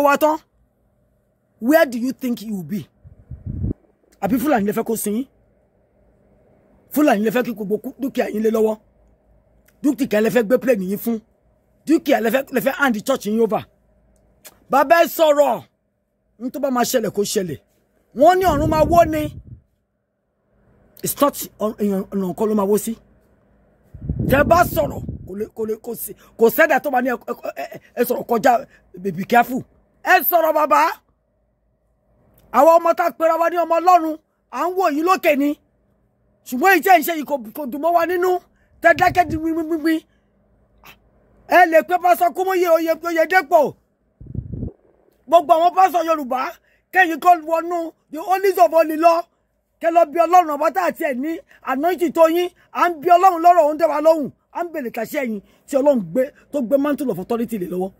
wa where do you think you will be àbí fúlàní lè fẹ́ kó sin yín fúlàní lè fẹ́ kí gbogbo dúkìá yín lé lọ́wọ́ dúkìá lè fẹ́ gbé plane yín fún dúkìá lè fẹ́ lè fẹ́ hand church yín over bàbá ẹ sọ̀rọ̀ n tó bá máa ṣẹlẹ̀ kó ṣẹlẹ̀ wọ́n ní ọ̀run máa wó ni it's not ọ̀nà nǹkan ló máa wó sí tẹ bá sọ̀rọ̀ kò lè kò lè kò sí kò sẹ́dà tó bá ní ẹ sọ̀rọ̀ kọjá be careful ẹ sọ̀rọ̀ bàbá àwọn ọmọ tá a pera wa ní ọmọ ọlọ́run à ń wò yìí lókè ni ṣùgbọ́n ìjẹ́ ìṣe yìí kò dùn mọ́ wa nínú tẹ́dákẹ́ di gbingbingbin ẹ lè pé pásọ kúmúyè oyèdèpọ̀ gbogbo àwọn pásọ yorùbá kẹ́yìn kọ́ wọnú the only of only lọ kẹ́ lọ bí ọlọ́run ọba tá àti ẹ̀ ní ànájì tó yín à ń bí ọlọ́run lọ́rọ̀ òun dẹ́wà lọ́hùn à ń bèrè kàṣẹ́ yín tí ọlọ́run gbé tó gbé mantle of authority lè lọ́wọ́.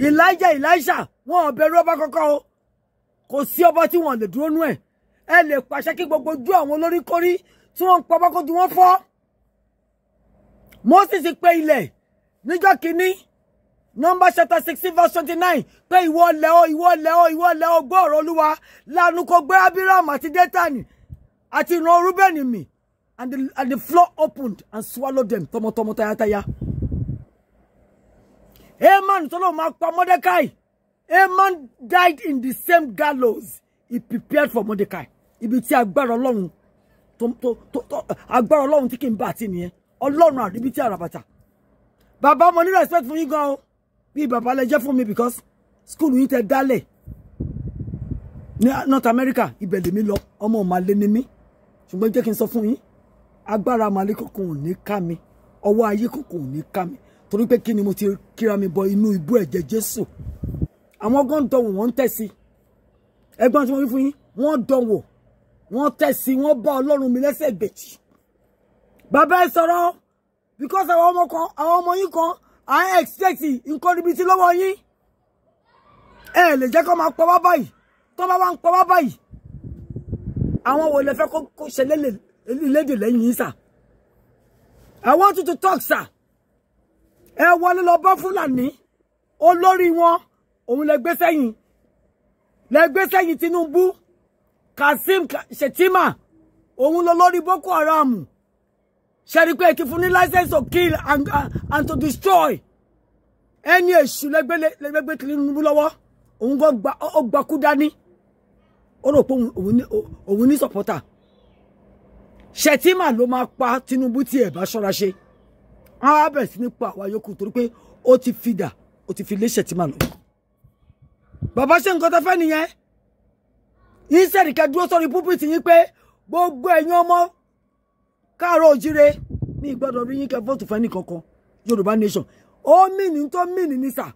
Elijah Elisha wọn ò bẹ̀rù ọba kankan o kò sí ọba tí wọn lè dúró nú ẹ̀ ẹ lè pàṣẹ kí gbogbo ojú àwọn olóríkórí tí wọ́n ń pa ọba kó ju wọn fọ́ Moses pé ilẹ̀ níjọ́ kínní number chapter sixteen verse twenty-nine pé ìwọ lẹ̀ o ìwọ lẹ̀ o ìwọ lẹ̀ o gbọ́ ọ̀rọ̀ Olúwa lanu kó gbé Abiram àti Dátánì àti ìran Rúbẹ́nì mì and the and the floor opened and swallowed them tọmọtọmọ tayátayá. Haman solo lóun máa pa Mordecai. Haman died in the same gallows he prepared for Mordecai. Ibi tí agbára Ọlọ́run tó tó tó agbára Ọlọ́run tí kì í bá àti nìyẹn. Ọlọ́run àríbí tí àràbàtà. Baba, mo ní respect fún yín gan o. Bí bàbá lẹ jẹ́ fún mi because school yín tẹ dálẹ̀ ní North America ibẹ̀ lèmi lọ ọmọ màlẹ́ ni mí ṣùgbọ́n jẹ́ kí n sọ fún yín agbára màlẹ́ kankan ò ní ká mi ọwọ́ ayé kankan ò ní mi torí pé kí ni mo ti kíra mi bọ inú ibú ẹ̀jẹ̀ Jésù àwọn gan dánwò wọ́n ń tẹ̀sí ẹgbọ́n tí mo wí fún yín wọ́n dánwò wọ́n tẹ̀sí wọ́n bá Ọlọ́run mi lẹ́sẹ̀ gbèjì bàbá ẹ sọ̀rọ̀ because àwọn ọmọ kan àwọn ọmọ yín kan à ń expect nǹkan níbi tí lọ́wọ́ yín ẹ lè jẹ́ kó máa pọ̀ wá báyìí tó bá wá ń pọ̀ wá báyìí àwọn wo lè fẹ́ kó ṣẹlẹ̀ lédè lẹ́yìn yín sà I want you to talk sir ẹ wọlé lọ bá fúlàní olórí wọn òun lẹ gbé sẹ́yìn lẹ gbé sẹ́yìn Tinubu Kazeem Shettima òun lọ lórí Boko Haram ṣẹ́ni pé fún ní license to kill and, uh, and to destroy ẹni èṣù lẹ́gbẹ́gbẹ́ Tinubu lọ́wọ́ òun gan gba ó gba kú dání ó rò pé òun ní sọ̀pọ́tà Shettima ló máa pa Tinubu tí ẹ̀ bá ṣọ́ra ṣe wọn á bẹ̀rẹ̀ sí ní pa àwa yòókù torí pé ó ti fi dà ó ti fi léṣẹ̀ tí màá nù. bàbá ṣe nǹkan tó fẹ́ nìyẹn ìṣẹ̀rì kẹdúró sórí púpìtì yín pé gbogbo ẹ̀yin ọmọ káàárọ̀ òjíire mi gbọ́dọ̀ rí yín kẹ fóòtù fẹ́ nìkankan yorùbá nation ó mìnì tó mìnì ní sà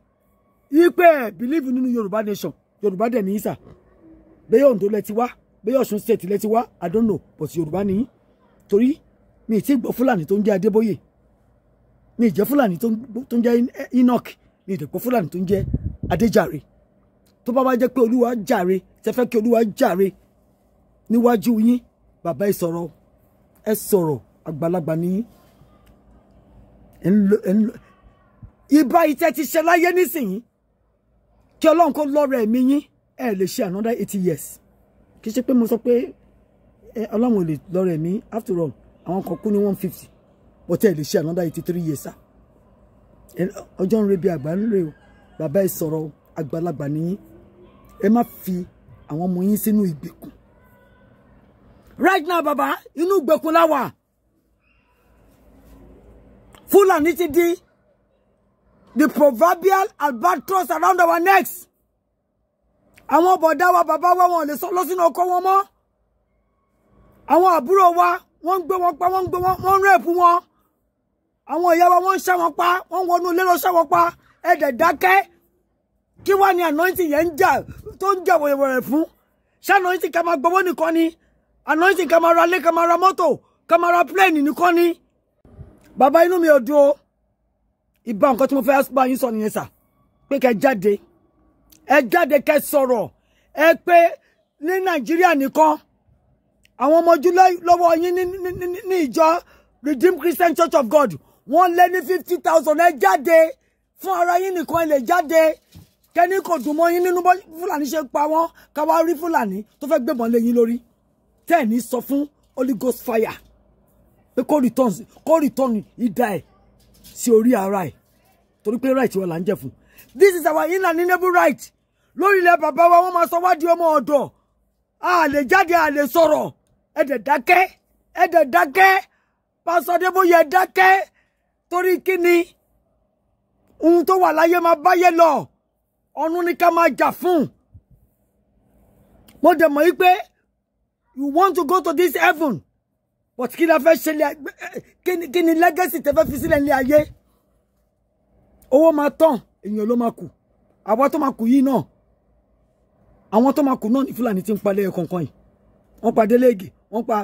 yí pé ẹ̀ bìlíìfù nínú yorùbá nation yorùbá dẹ̀ ní sà bẹ́ẹ̀ òǹdó lẹ ti wá bẹ́ẹ̀ ọ̀ṣun state lẹ ti wá i don't know but yorùbá ní torí mi ì tí gbọ́ fúlàní tó ń jẹ́ adébóyè mi jẹ́ fúlàní tó ń jẹ́ eh, enoch mi ìdẹ̀pọ̀ fúlàní tó ń jẹ́ adéjàre tó bá wá jẹ́ pé olúwa jàre tẹ́ fẹ́ kí olúwa jàre níwájú yín bàbá ẹ sọ̀rọ̀ ẹ sọ̀rọ̀ àgbàlagbà ni yín ìbá ìtẹ́ ti ṣe láyé nísìnyí kí ọlọ́run kó lọ́rọ̀ ẹ̀mí yín ẹ lè ṣe another eighty years kì í ṣe pé mo sọ pé ọlọ́run ò lè lọ́rọ̀ ẹ̀mí after all àwọn kan kú ní one fifty ọtí ṣe another eighty three years ọjọ́ ń re bí àgbà ń re o bàbá ẹ sọ̀rọ̀ àgbàlagbà nìyí ẹ má fi àwọn ọmọ yín sínú ìgbèkùn right now bàbá inú ìgbèkùn la wà Fúlàní ti di the proverbial albatross around our necks àwọn bọ̀dá wa bàbá wa wọn lè sọ lọ sínú ọkọ wọn mọ́ àwọn àbúrò wa wọ́n ń gbé wọn pa wọ́n ń gbé wọn wọ́n ń rẹ́ẹ̀pù wọn àwọn ìyá wa wọ́n ń ṣá wọn pa wọ́n wọnú ilé lọ ṣá pa ẹ̀dẹ̀ dákẹ́ kí wá ní anointing yẹn ń jà tó ń jà wẹ̀rẹ̀wẹ̀rẹ̀ fún ṣé anointing ká máa gbowó nìkan ni anointing ká máa ra ilé ká máa ra mọ́tò ká máa ra plane nìkan ni. bàbá inú mi ò dùn o ìbá nǹkan tí mo fẹ́ bá yín sọ nìyẹn sà pé kẹ́ jáde ẹ jáde kẹ́ sọ̀rọ̀ ẹ pé ní nàìjíríà nìkan àwọn ọmọ ojú yín ní ìjọ Redeemed Christian Church of God wọ́n lé ní fifty thousand ẹ jáde fún ara yín nìkan ẹ lè jáde kẹ́ni kò dùn mọ́ yín nínú bọ́ fúlàní ṣe pa wọ́n ká wá rí fúlàní tó fẹ́ gbébọn lé yín lórí tẹ́ẹ̀ni sọ fún holy ghost fire pé kó return kó return ìdá ẹ̀ sí orí ara ẹ̀ torí pé right wọn là ń jẹ fún this is our inalienable right lórí ilẹ̀ bàbá wa wọ́n máa sọ wá di ọmọ ọ̀dọ̀ a lè jáde a lè sọ̀rọ̀ ẹ dẹ̀ dákẹ́ ẹ dẹ̀ dákẹ́ pásọdébóyè dákẹ́ torí kí ni ohun tó wà láyé máa báyé lọ ọ̀run ni ká máa jà fún mo dẹ̀ mọ̀ wípé you want to go to this heaven but kí la fẹ́ ṣe kí ni legacy tẹ fẹ́ fi sílẹ̀ ní ayé owó máa tán èèyàn ló máa kù àwa tó máa kù yìí náà àwọn tó máa kù náà ní fúlàní ti ń palẹ̀ ẹ̀kọ̀ọ̀kan yìí wọ́n pa Déléègì wọ́n pa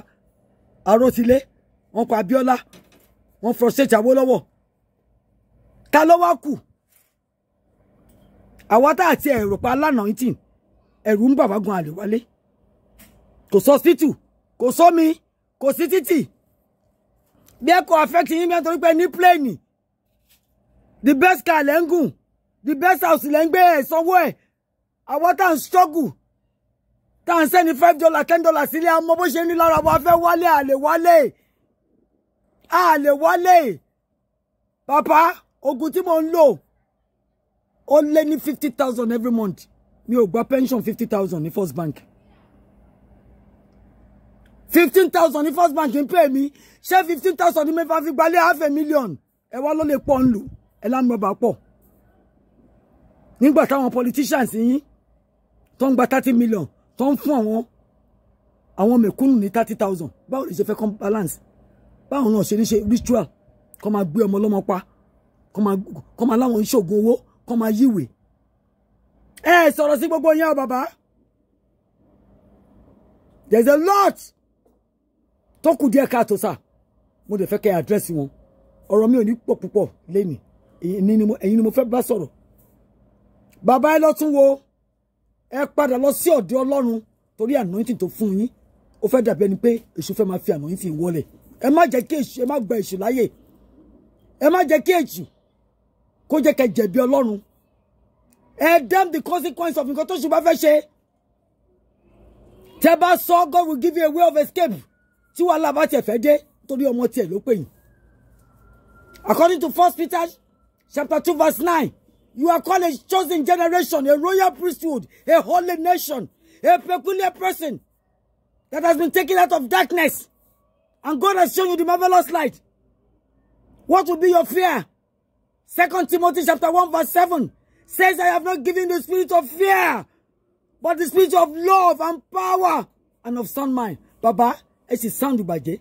Arótilé wọ́n pa Abíọ́lá wọ́n frustrate Awólọ́wọ̀ ta ló wá kù àwa tá àti ẹ̀rọ pa lánàá yìí tì ẹ̀rù ń bà wá gan àlè wálé kò sọ hospital kò sómi kò sí títì bí ẹ kò affect yín mẹ́ta torí ní plane the best car lẹ́ ń gùn the best house lẹ́ ń gbé ẹ̀ sanwó àwa tá à ń struggle tá à ń sẹ́ni five dollar ten dollar sílé àmọ́ bó ṣe ní lára wa fẹ́ wálé àlè wálé a le wọlé papa, ogun tí mo ń lò ó lé ní fifty thousand every month mi ò gba pension fifty thousand ní first bank fifteen thousand ní first bank ń pè mí ṣé fifteen thousand ní mẹ́fà fi gbalẹ̀ half a million ẹ wá ló lè pọ̀ ń lù ẹ lámọ́ba pọ̀ nígbà táwọn politicians yín tó ń gba thirty million tó ń fún àwọn àwọn mẹ̀kúnnù ní thirty thousand báwo lè ṣe fẹ́ kọ́ balance báwọn náà ṣe ní ṣe ritual kọ́ máa gbé ọmọ ọlọ́mọ pa kọ́ máa láwọn ìṣògùn owó kọ́ máa yíwèé ẹ sọ̀rọ̀ sí gbogbo yẹn o bàbá there is a lot tó kù díẹ̀ káàtó sà mo dẹ̀ fẹ́ kẹ́ àdírẹ́sì wọn ọ̀rọ̀ mi ò ní pọ̀ púpọ̀ lẹ́nu ẹ̀yin ni mo fẹ́ bá sọ̀rọ̀ bàbá ẹ lọ tún wo ẹ padà lọ sí ọ̀dọ̀ ọlọ́run torí anointing tó fún yín ó fẹ́ dàbí ẹni pé èṣù fẹ́ máa fi anointing wọlẹ̀ ẹ má jẹ́ kí èṣù ẹ má gba èṣù láyè ẹ má jẹ́ kí èṣù kó jẹ́ kẹ́ jẹ̀bi ọlọ́run ẹ damn the consequence of nǹkan tó ṣù bá fẹ́ ṣe tẹ bá sọ God will give you a way of escape tí wàhálà bá tiẹ̀ fẹ́ dé torí ọmọ tiẹ̀ ló pè yín according to first Peter chapter two verse nine you are called a chosen generation a royal priesthood a holy nation a peculiar person that has been taken out of darkness. And God has shown you the marvelous light. What will be your fear? Second Timothy chapter 1 verse 7 says, I have not given the spirit of fear, but the spirit of love and power and of sound mind. Baba, ẹ sì sound ìbàjẹ́.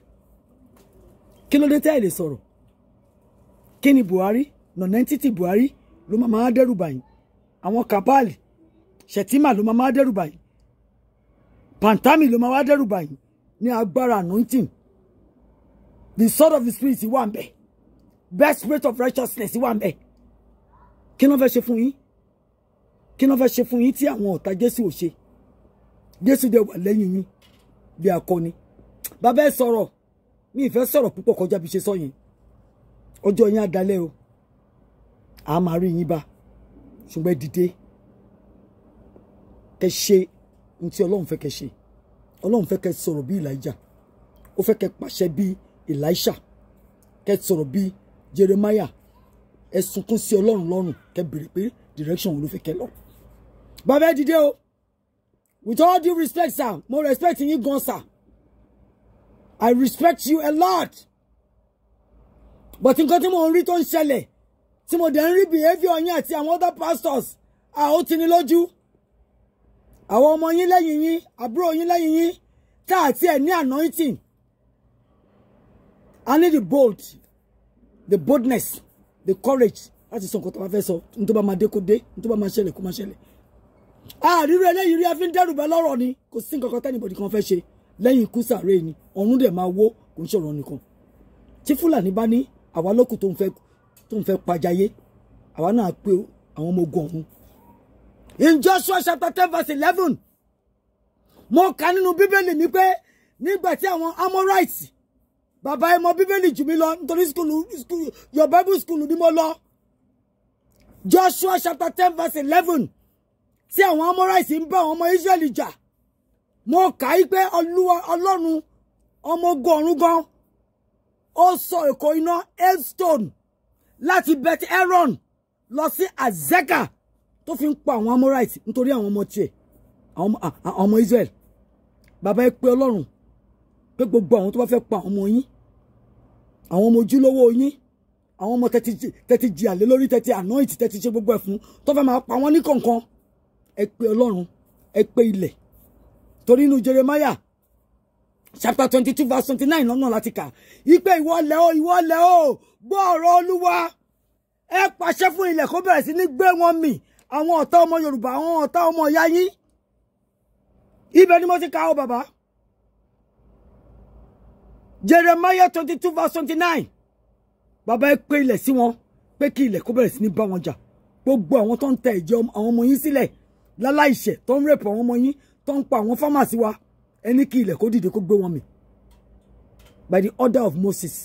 Kí ló de tẹ́ ẹ lè sọ̀rọ̀? Kí ni non-entity Buhari, ló máa máa dẹ́rù báyìí? Àwọn kàbáàlì, Ṣètìmà ló máa máa dẹ́rù báyìí? anointing the sword of the spirit wà one bẹ̀ best spirit of righteousness wà one bẹ̀ kí ló fẹ́ ṣe fún yín kí ló fẹ́ ṣe fún yín tí àwọn ọ̀tá jésù ò ṣe jésù dẹ̀ wà lẹ́yìn yín bí akọni bàbá ẹ sọ̀rọ̀ mi ìfẹ́ sọ̀rọ̀ púpọ̀ kọjá bí ṣe sọ yẹn ọjọ́ yín á o a máa rí yín bá ṣùgbọ́n ẹ dìde kẹ́ ṣe ohun tí ọlọ́run fẹ́ kẹ́ ṣe ọlọ́run fẹ́ kẹ́ sọ̀rọ̀ bí Èlíjà ó fẹ́ kẹ́ pàṣẹ elisha kẹ sọ̀rọ̀ bí jeremiah ẹ sunkún sí ọlọ́run lọ́rùn kẹ béèrè pé direction wo ló fẹ́ kẹ lọ. bàbá ẹ o with all due respect sir mo respect yín gan sir i respect you a lot but nǹkan tí mo ń rí tó ń ṣẹlẹ̀ tí mo dẹ̀ ń rí behaviour yín àti àwọn other pastors àwọn tí ní lójú àwọn ọmọ yín lẹ́yìn yín àbúrò yín lẹ́yìn yín tá àti ẹ̀ ní anointing I need the bold, the boldness, the courage láti sọ nǹkan tó bá fẹ́ sọ ní tó bá máa dé kó dé ní tó bá máa ṣẹlẹ̀ kó máa ṣẹlẹ̀. àríwá eléyìí rí a fi ń dẹ́rù bá lọ́rọ̀ ni kò sí nǹkan kan tẹ́nibọ̀dì kan fẹ́ ṣe lẹ́yìn ikú sàárè ni ọ̀run dẹ̀ máa wó kò ń ṣọ̀rọ̀ nìkan. tí fúlàní bá ní àwa lókù tó ń fẹ́ tó ń fẹ́ pajayé àwa náà pé àwọn ọmọ ogun ọ̀run. in Joshua chapter ten verse eleven mo kà nínú bíbélì mi pé nígbà tí àwọn amorites bàbá ẹ mọ bíbélì jù mí lọ nítorí skulu skulu your bible school ni mo lọ joshua chapter ten verse eleven tí àwọn amóràìsì ń bá àwọn ọmọ israẹli jà mo kà í pé olúwa ọlọ́run ọmọ ogun ọ̀run gan ó sọ èkó iná hailstone láti bet aaron lọ sí azeka tó fi ń pa àwọn amóràìsì nítorí àwọn ọmọ tiẹ̀ àwọn ọmọ israẹli bàbá ẹ pé ọlọ́run pé gbogbo àwọn tó bá fẹ́ pa ọmọ yín àwọn ọmọ ojúlówó yín àwọn ọmọ tẹ́tí jì àlé lórí tẹ́tí anoint tẹ́tí ṣe gbogbo ẹ̀ fún tó fẹ́ máa pa wọ́n ní kọ̀ọ̀kan ẹ pé ọlọ́run ẹ pé ilẹ̀ torí inú Jeremiah chapter twenty two verse twenty nine lọ́nà láti kà ipe ìwọ lẹ̀ o ìwọ lẹ̀ o gbọ́ ọ̀rọ̀ olúwa ẹ pàṣẹ fún ilẹ̀ kó bẹ̀rẹ̀ sí ní gbé wọn mì àwọn ọ̀tá ọmọ Yorùbá àwọn ọ̀tá ọmọ ìyá yín ibẹ̀ ni mo ti kà ó bàbá. Jeremiah twenty two verse twenty nine Baba ẹ pé ilẹ̀ sí wọn pé kí ilẹ̀ kó bẹ̀rẹ̀ sí ní bá wọn jà gbogbo àwọn tó ń tẹ ìjẹ àwọn ọmọ yín sílẹ̀ láláìṣẹ̀ tó ń rèpọ̀ àwọn ọmọ yín tó ń pa àwọn fámàsì wa ẹni kí ilẹ̀ kó dìde kó gbé wọn mì by the order of Moses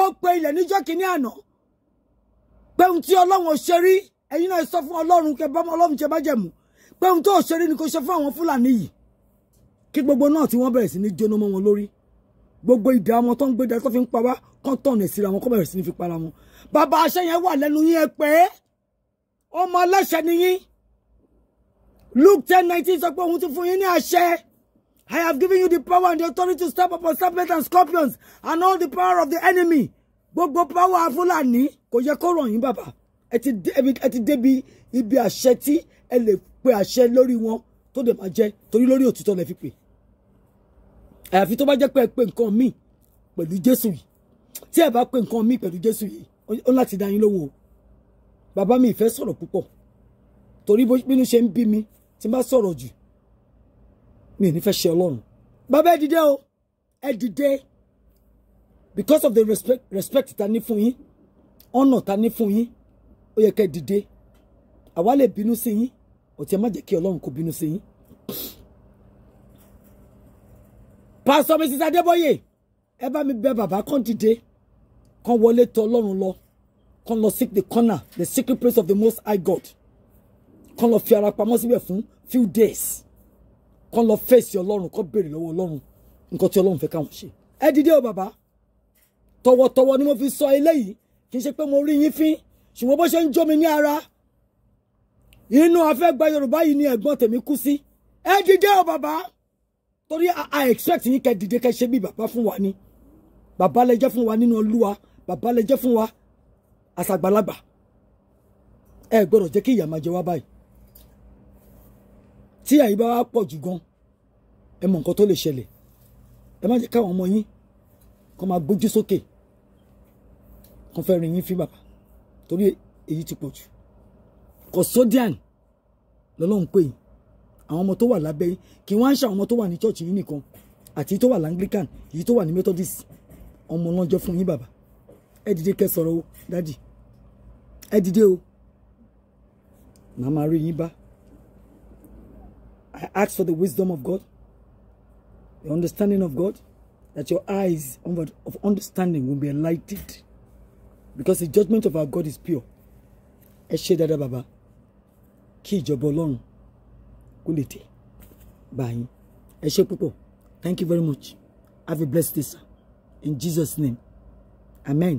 ó pe ilẹ̀ níjọ́ kìíní àná pé ohun tí ọlọ́run ò ṣe rí ẹ̀yin náà sọ fún ọlọ́run kẹ bá ọlọ́run ṣe bá jẹ̀mú pé ohun tó ò ṣe rí ni kò ṣe fún àwọn fúlàní yìí kí gbogbo náà tí wọ́n bẹ̀rẹ̀ sí ní jóná mọ́ wọn lórí gbogbo ìdá wọn tó ń gbé dání tó fi ń pa wá kán tọ̀nà síra wọn kó bẹ̀rẹ̀ sí ní fi para wọn bàbá aṣẹ yẹn wà lẹ́nu yín ẹ pé ọmọ aláṣẹ nìyín Luke ten nineteen sọ pé òun ti fún yín ní àṣẹ. I have given you the power and the authority to stop up on serpents and scorpions and all the power of the enemy. Gbogbo power Fúlàní kò yẹ kó ràn yín bàbá. Ẹ ti débi ibi àṣẹ tí ẹ lè pe àṣẹ lórí wọn tó dẹ̀ máa jẹ torí lórí òtítọ́ lẹ fi pè àyàfi tó bá jẹ́ pé ẹ pé nǹkan míì pẹ̀lú jésù yìí tí ẹ bá pé nǹkan míì pẹ̀lú jésù yìí ó láti dá yín lóhùn o bàbá mi ìfẹ́ sọ̀rọ̀ púpọ̀ torí bínú ṣe ń bí mi tí n bá sọ̀rọ̀ jù mi ní fẹ́ ṣe ọlọ́run bàbá ẹ dìde o ẹ dìde because of the respect respect ta ní fún yín ọ̀nà ta ní fún yín ó yẹ kẹ́ dìde àwa lè bínú sí yín ọ̀tí ẹ má jẹ́ kí ọlọ́run kó bínú sí yín pásọ Mrs Adébóyè ẹ bá mi bẹ bàbá kan dìde kan wọlé tọ̀ Ọlọ́run lọ kan lọ seek the corner the secret place of the most high God kan lọ fi ara pamọ́ síbẹ̀ fún few days kan lọ fèsì Ọlọ́run kan béèrè lọ́wọ́ Ọlọ́run nǹkan tí Ọlọ́run fẹ́ káwọn ṣe ẹ dìde o bàbá tọwọ́tọwọ́ ni mo fi sọ eléyìí kì í ṣe pé mo rí yín fín ṣùgbọ́n bó ṣe ń jó mi ní ara inú afẹ́gbà Yorùbá yìí ni ẹ̀gbọ́n tèmi kú sí ẹ dìde o bàbá torí i expect yín kẹ́ dìde kẹ́ ṣe bí bàbá fún wa ni bàbá lẹ jẹ́ fún wa nínú Olúwa bàbá lẹ jẹ́ fún wa àṣàgbàlagbà ẹ gbọ́dọ̀ jẹ́ kí ìyà máa jẹ wá báyìí tí àyíbá wa pọ̀ jù gan ẹ mọ nǹkan tó lè ṣẹlẹ̀ ẹ má jẹ́ káwọn ọmọ yín kàn máa gbójú sókè kàn fẹ́ rìn yín fi bàbá torí èyí ti pọ̀ jù kò sódíàn lọ́lọ́run pè yín àwọn ọmọ tó wà lábẹ́ yín kì í wá ṣe àwọn ọmọ tó wà ní church yín nìkan àti tó wà langlican èyí tó wà ní methodist ọmọ lọ́jọ́ fún yín bàbá ẹ dìde kẹ́ o dádì ẹ dìde o màá máa rí yín bá I ask for the wisdom of God the understanding of God that your eyes of understanding will be enlightened because the judgment of our God is pure ẹ ṣe dáadáa bàbá kí ìjọba ọlọ́run kó lè tẹ̀ báyìí ẹ ṣe púpọ̀ thank you very much have a blessed day sir in Jesus name amen.